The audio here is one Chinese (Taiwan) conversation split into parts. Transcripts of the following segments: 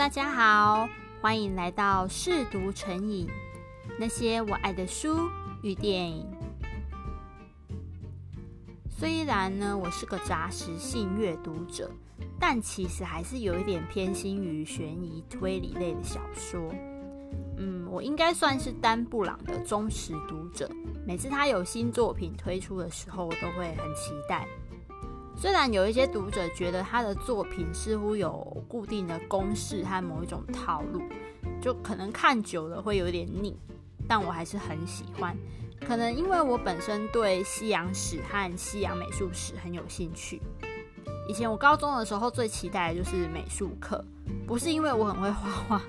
大家好，歡迎來到試讀成癮，那些我愛的書與電影。雖然呢，我是個雜食性閱讀者，但其實還是有一點偏心於懸疑推理類的小說。嗯，我應該算是丹布朗的忠實讀者，每次他有新作品推出的時候，我都會很期待。雖然有一些讀者覺得他的作品似乎有固定的公式和某一種套路，就可能看久了會有點膩，但我還是很喜歡。可能因為我本身對西洋史和西洋美術史很有興趣。以前我高中的時候最期待的就是美術課，不是因為我很會畫畫，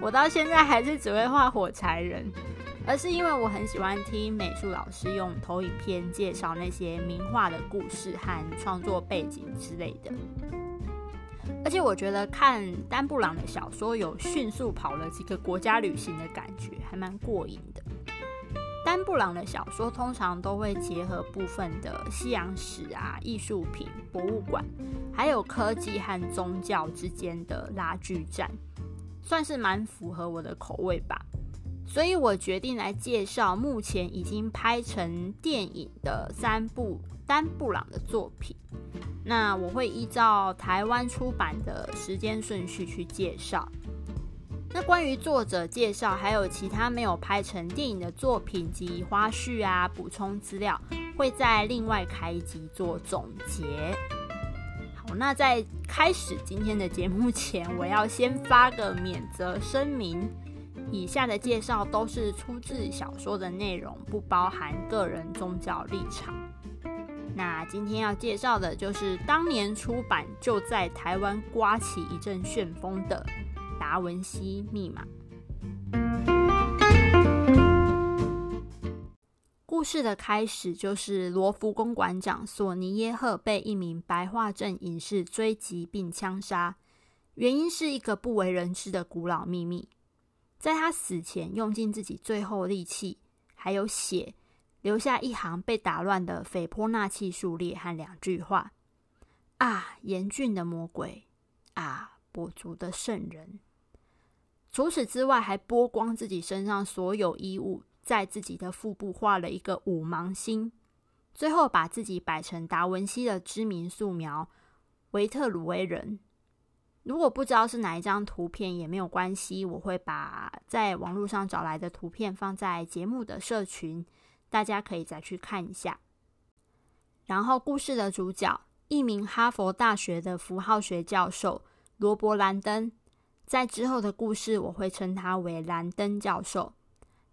我到現在還是只會畫火柴人。而是因為我很喜歡聽美術老師用投影片介紹那些名畫的故事和創作背景之類的，而且我覺得看丹布朗的小說有迅速跑了幾個國家旅行的感覺，還蠻過癮的。丹布朗的小說通常都會結合部分的西洋史啊、藝術品、博物館，還有科技和宗教之間的拉鋸戰，算是蠻符合我的口味吧。所以我決定來介紹目前已經拍成電影的三部丹布朗的作品，那我會依照台灣出版的時間順序去介紹。那關於作者介紹，還有其他沒有拍成電影的作品及花絮啊，補充資料，會在另外開一集做總結。好，那在開始今天的節目前，我要先發個免責聲明。以下的介紹都是出自小說的內容，不包含個人宗教立場。那今天要介紹的就是當年出版就在台灣颳起一陣旋風的《達文西密碼》。故事的開始就是羅浮宮館長索尼耶赫被一名白化症隱士追擊並槍殺，原因是一個不為人知的古老秘密。在他死前，用盡自己最後力氣，還有血，留下一行被打亂的斐波那契數列和兩句話：“啊，嚴峻的魔鬼！啊，跛足的聖人！”除此之外，還剝光自己身上所有衣物，在自己的腹部畫了一個五芒星，最後把自己擺成達文西的知名素描《維特魯威人》。如果不知道是哪一張圖片也沒有關係，我會把在網絡上找來的圖片放在節目的社群，大家可以再去看一下。然後，故事的主角一名哈佛大學的符號學教授羅伯蘭登，在之後的故事我會稱他為蘭登教授，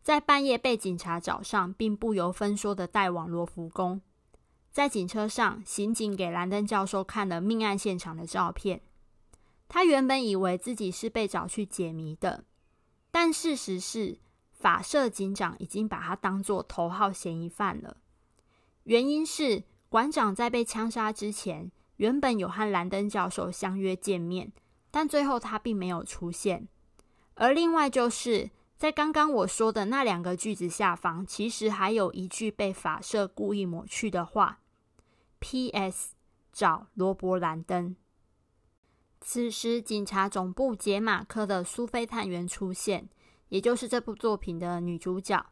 在半夜被警察找上，並不由分說的帶往羅浮宮。在警車上，刑警給蘭登教授看了命案現場的照片。他原本以為自己是被找去解謎的，但事實是，法社警長已經把他當作頭號嫌疑犯了。原因是館長在被槍殺之前，原本有和蘭登教授相約見面，但最後他並沒有出現。而另外就是在剛剛我說的那兩個句子下方，其實還有一句被法社故意抹去的話：“P.S. 找羅伯蘭登。”此時，警察總部解碼科的蘇菲探員出現，也就是這部作品的女主角。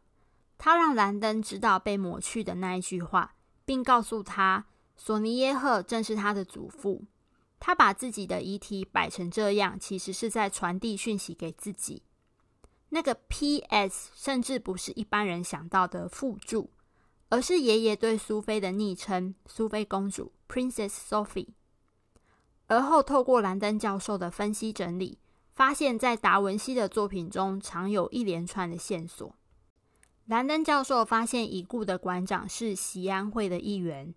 她讓蘭登知道被抹去的那一句話，並告訴他，索尼耶赫正是他的祖父。他把自己的遺體擺成這樣，其實是在傳遞訊息給自己。那個 “P.S.” 甚至不是一般人想到的附注，而是爺爺對蘇菲的昵稱——蘇菲公主 （Princess Sophie）。而後，透過蘭登教授的分析整理，發現，在達文西的作品中常有一連串的線索。蘭登教授發現，已故的館長是錫安會的一員。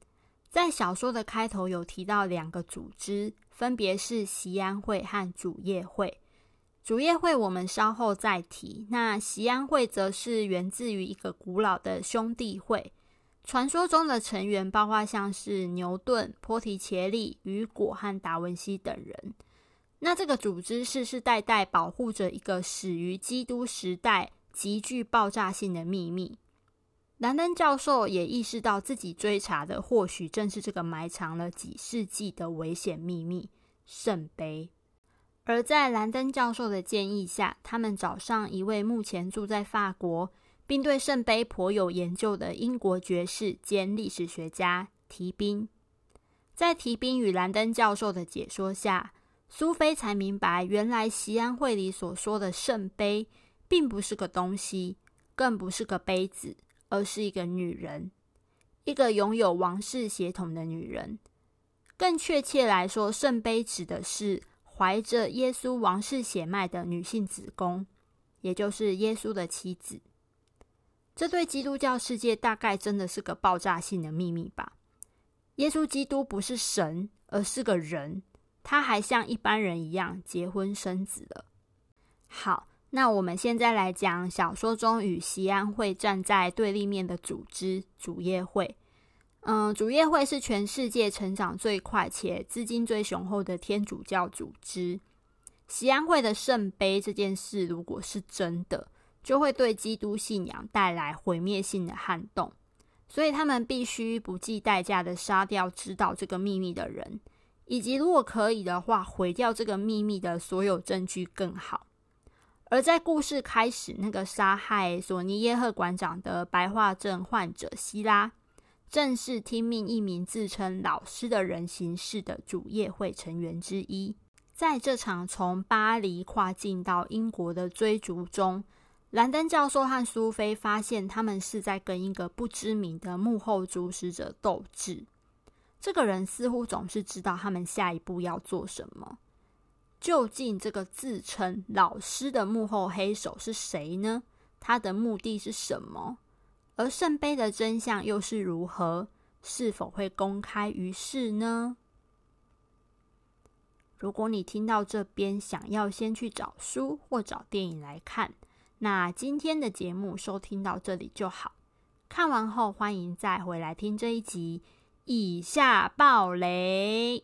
在小說的開頭有提到兩個組織，分別是錫安會和主業會。主業會我們稍後再提，那錫安會則是源自於一個古老的兄弟會。傳說中的成員包括像是牛頓、波提切利、雨果和達文西等人。那這個組織世世代代保護着一個始於基督時代、極具爆炸性的秘密。蘭登教授也意識到，自己追查的或許正是這個埋藏了幾世紀的危險秘密——聖杯。而在蘭登教授的建議下，他們找上一位目前住在法國，並對聖杯頗有研究的英國爵士兼歷史學家提賓，在提賓與蘭登教授的解說下，蘇菲才明白，原來錫安會裡所說的聖杯，並不是個東西，更不是個杯子，而是一個女人，一個擁有王室血統的女人。更確切來說，聖杯指的是懷着耶穌王室血脈的女性子宮，也就是耶穌的妻子。這對基督教世界大概真的是個爆炸性的秘密吧？耶穌基督不是神，而是個人，他還像一般人一樣結婚生子了。好，那我們現在來講小說中與錫安會站在對立面的組織，主業會。嗯，主業會是全世界成長最快且資金最雄厚的天主教組織。錫安會的聖杯這件事，如果是真的，就會對基督信仰帶來毀滅性的撼動，所以他們必須不計代價的殺掉知道這個秘密的人，以及如果可以的話，毀掉這個秘密的所有證據更好。而在故事開始，那個殺害索尼耶赫館長的白化症患者希拉，正是聽命一名自稱老師的人行事的主業會成員之一，在這場從巴黎跨境到英國的追逐中，蘭登教授和蘇菲發現，他們是在跟一個不知名的幕後主使者鬥智。這個人似乎總是知道他們下一步要做什麼。究竟這個自稱老師的幕後黑手是誰呢？他的目的是什麼？而聖杯的真相又是如何？是否會公開於世呢？如果你聽到這邊，想要先去找書或找電影來看。那今天的節目收聽到這裡就好，看完後歡迎再回來聽這一集。以下暴雷，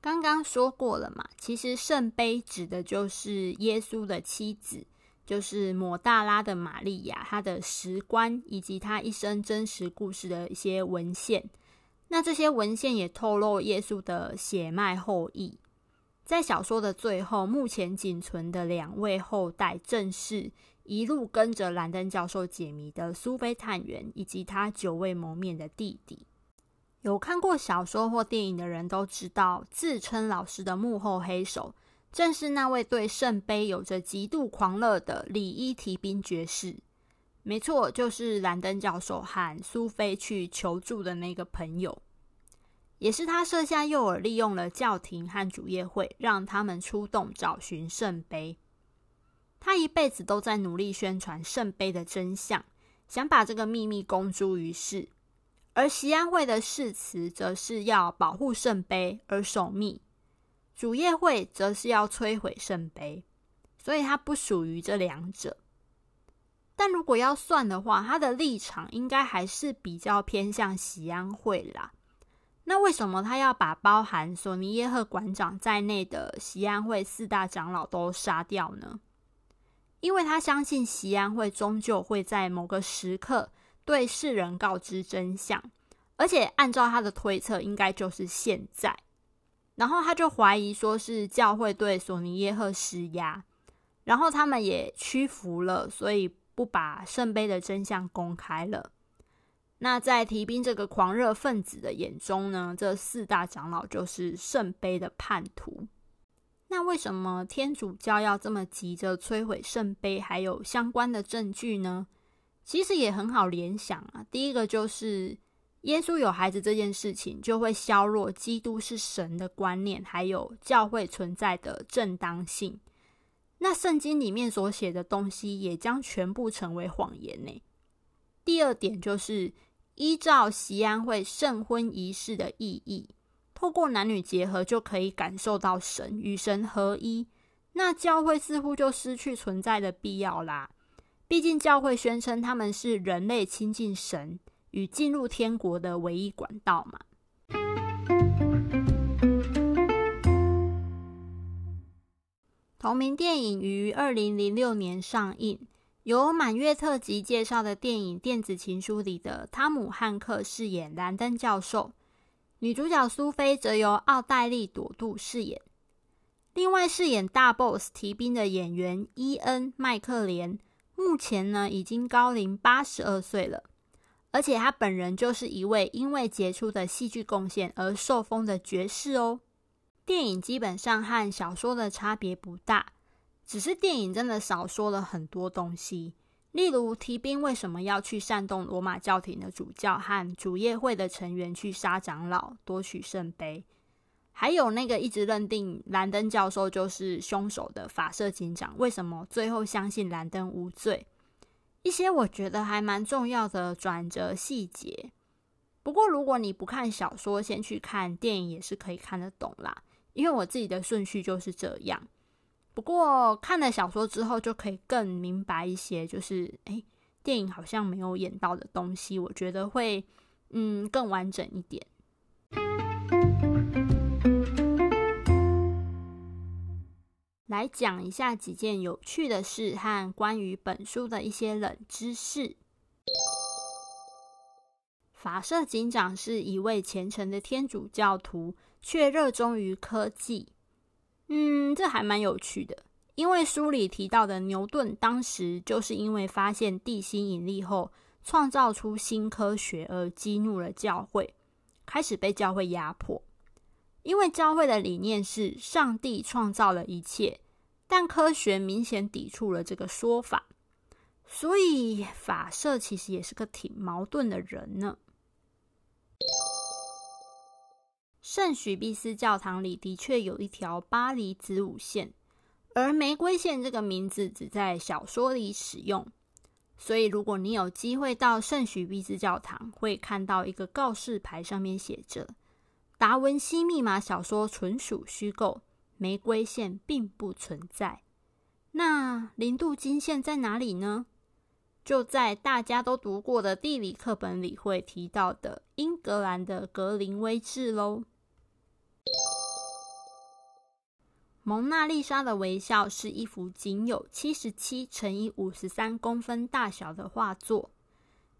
剛剛說過了嘛，其實聖杯指的就是耶穌的妻子。就是抹大拉的瑪利亞，她的石棺以及她一生真實故事的一些文獻。那這些文獻也透露耶穌的血脈後裔。在小說的最後，目前僅存的兩位後代，正是一路跟着蘭登教授解謎的蘇菲探員以及他久未謀面的弟弟。有看過小說或電影的人都知道，自稱老師的幕後黑手，正是那位對聖杯有着極度狂熱的李伊提賓爵士，沒錯，就是蘭登教授喊蘇菲去求助的那個朋友，也是他設下誘餌，利用了教廷和主業會，讓他們出動找尋聖杯。他一輩子都在努力宣傳聖杯的真相，想把這個祕密公諸於世；而錫安會的誓詞，則是要保護聖杯而守密。主業會則是要摧毀聖杯，所以他不屬於這兩者。但如果要算的話，他的立場應該還是比較偏向錫安會啦。那為什麼他要把包含索尼耶赫館長在內的錫安會四大長老都殺掉呢？因為他相信錫安會終究會在某個時刻對世人告知真相，而且按照他的推測，應該就是現在。然後他就懷疑說是教會對索尼耶赫施壓，然後他們也屈服了，所以不把聖杯的真相公開了。那在提兵這個狂熱分子的眼中呢，這四大長老就是聖杯的叛徒。那為什麼天主教要這麼急着摧毀聖杯還有相關的證據呢？其實也很好聯想啊，第一個就是。耶穌有孩子這件事情，就會削弱基督是神的觀念，還有教會存在的正當性。那聖經裡面所寫的東西，也將全部成為謊言呢。第二點就是，依照錫安會聖婚儀式的意義，透過男女結合就可以感受到神與神合一，那教會似乎就失去存在的必要啦。畢竟教會宣稱他們是人類親近神，與進入天國的唯一管道嘛。同名電影於二零零六年上映，由滿月特輯介紹的電影《電子情書》裡的湯姆漢克飾演蘭登教授，女主角蘇菲則由奧黛麗朵杜飾演。另外，飾演大 boss 提兵的演員伊恩·麥克蓮，目前呢已經高齡八十二歲了。而且他本人就是一位因為傑出的戲劇貢獻而受封的爵士哦。電影基本上和小說的差別不大，只是電影真的少說了很多東西，例如提賓為什麼要去煽動羅馬教廷的主教和主業會的成員去殺長老、奪取聖杯，還有那個一直認定蘭登教授就是兇手的法社警長為什麼最後相信蘭登無罪。一些我覺得還蠻重要的轉折細節。不過如果你不看小說，先去看電影也是可以看得懂啦，因為我自己的順序就是這樣。不過看了小說之後，就可以更明白一些，就是誒，電影好像沒有演到的東西，我覺得會嗯更完整一點。來講一下幾件有趣的事和關於本書的一些冷知識。法社警長是一位虔誠的天主教徒，卻熱衷於科技。嗯，這還蠻有趣的，因為書裡提到的牛頓當時就是因為發現地心引力後，創造出新科學而激怒了教會，開始被教會壓迫。因為教會的理念是上帝創造了一切，但科學明顯抵觸了這個說法，所以法社其實也是個挺矛盾的人呢。聖許必斯教堂裡的確有一條巴黎子午線，而玫瑰線這個名字只在小說裡使用，所以如果你有機會到聖許必斯教堂，會看到一個告示牌，上面寫着。達文西密碼小說純屬虛構，玫瑰線並不存在。那零度經線在哪裡呢？就在大家都讀過的地理課本裡會提到的英格蘭的格林威治咯。蒙娜麗莎的微笑是一幅僅有七十七乘以五十三公分大小的畫作，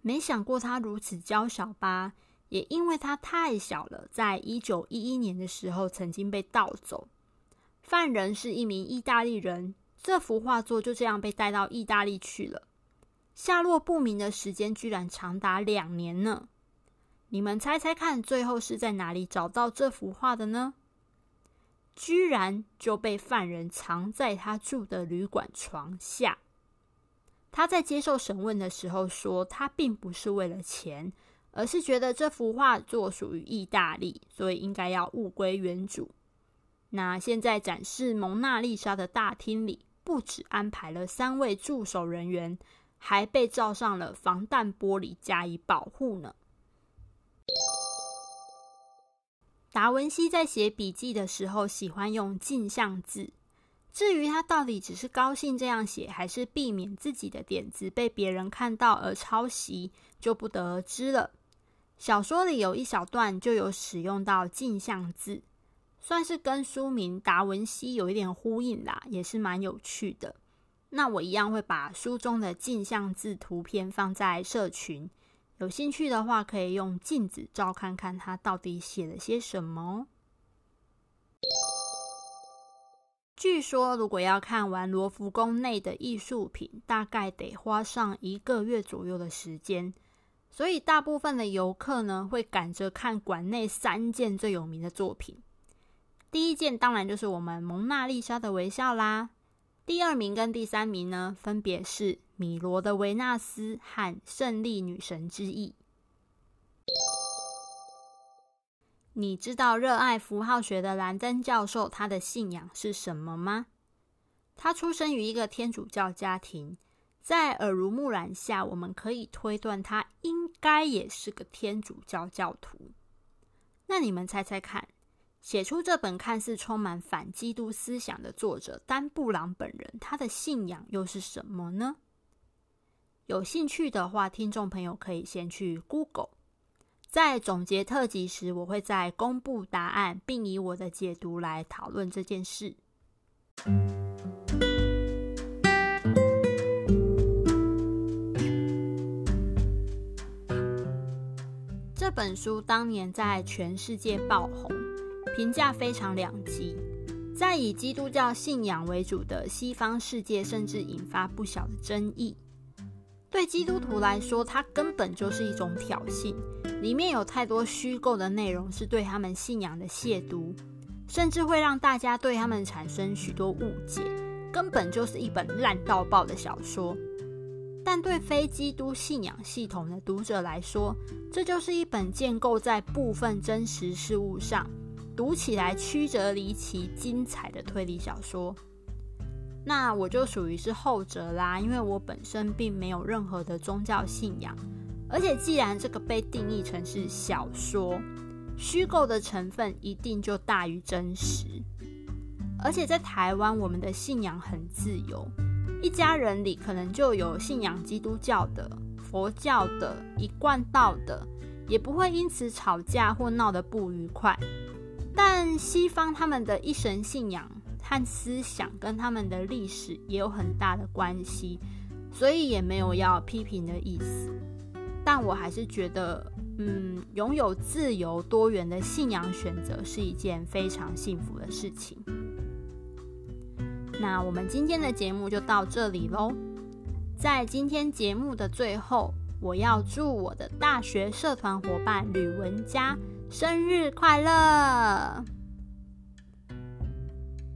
沒想過它如此嬌小吧？也因為他太小了，在一九一一年的時候，曾經被盜走。犯人是一名意大利人，這幅畫作就這樣被帶到意大利去了，下落不明的時間居然長達兩年呢。你們猜猜看，最後是在哪裡找到這幅畫的呢？居然就被犯人藏在他住的旅館床下。他在接受審問的時候說，他並不是為了錢。而是覺得這幅畫作屬於意大利，所以應該要物歸原主。那現在展示《蒙娜麗莎》的大廳裡，不止安排了三位駐守人員，還被罩上了防彈玻璃加以保護呢。達文西在寫筆記的時候，喜歡用鏡像字。至於他到底只是高興這樣寫，還是避免自己的點子被別人看到而抄襲，就不得而知了。小說裡有一小段就有使用到鏡像字，算是跟書名《達文西》有一點呼應啦，也是蠻有趣的。那我一樣會把書中的鏡像字圖片放在社群，有興趣的話可以用鏡子照看看他到底寫了些什麼哦。據說，如果要看完羅浮宮內的藝術品，大概得花上一個月左右的時間。所以，大部分的遊客呢，會趕着看館內三件最有名的作品。第一件當然就是我們《蒙娜麗莎》的微笑啦。第二名跟第三名呢，分別是米羅的《維納斯》和《勝利女神之翼》。你知道熱愛符號學的蘭登教授他的信仰是什麼嗎？他出生於一個天主教家庭。在耳濡目染下，我們可以推斷他應該也是個天主教教徒。那你們猜猜看，寫出這本看似充滿反基督思想的作者丹布朗本人，他的信仰又是什麼呢？有興趣的話，聽眾朋友可以先去 Google。在總結特輯時，我會再公布答案，並以我的解讀來討論這件事。嗯本書當年在全世界爆紅，評價非常兩極。在以基督教信仰為主的西方世界，甚至引發不小的爭議。對基督徒來說，它根本就是一種挑釁。裡面有太多虛構的內容，是對他們信仰的褻瀆，甚至會讓大家對他們產生許多誤解。根本就是一本爛到爆的小說。但對非基督信仰系統的讀者來說，這就是一本建構在部分真實事物上，讀起來曲折離奇、精彩的推理小說。那我就屬於是後者啦，因為我本身並沒有任何的宗教信仰，而且既然這個被定義成是小說，虛構的成分一定就大於真實。而且在台灣，我們的信仰很自由。一家人裡可能就有信仰基督教的、佛教的、一貫道的，也不會因此吵架或鬧得不愉快。但西方他們的一神信仰和思想跟他們的歷史也有很大的關係，所以也沒有要批評的意思。但我還是覺得，嗯，擁有自由多元的信仰選擇是一件非常幸福的事情。那我們今天的節目就到這裡嘍。在今天節目的最後，我要祝我的大學社團夥伴呂文佳生日快樂！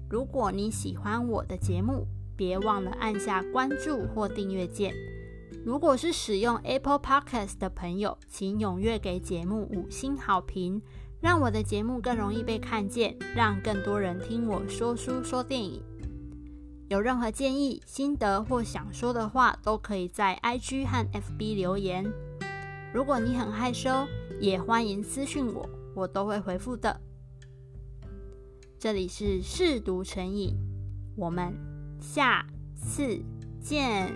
如果你喜歡我的節目，別忘了按下關注或訂閱鍵。如果是使用 Apple Podcast 的朋友，請踴躍給節目五星好評，讓我的節目更容易被看見，讓更多人聽我說書說電影。有任何建議、心得或想說的話，都可以在 IG 和 FB 留言。如果你很害羞，也歡迎私訊我，我都會回復的。這裡是嗜讀成癮，我們下次見。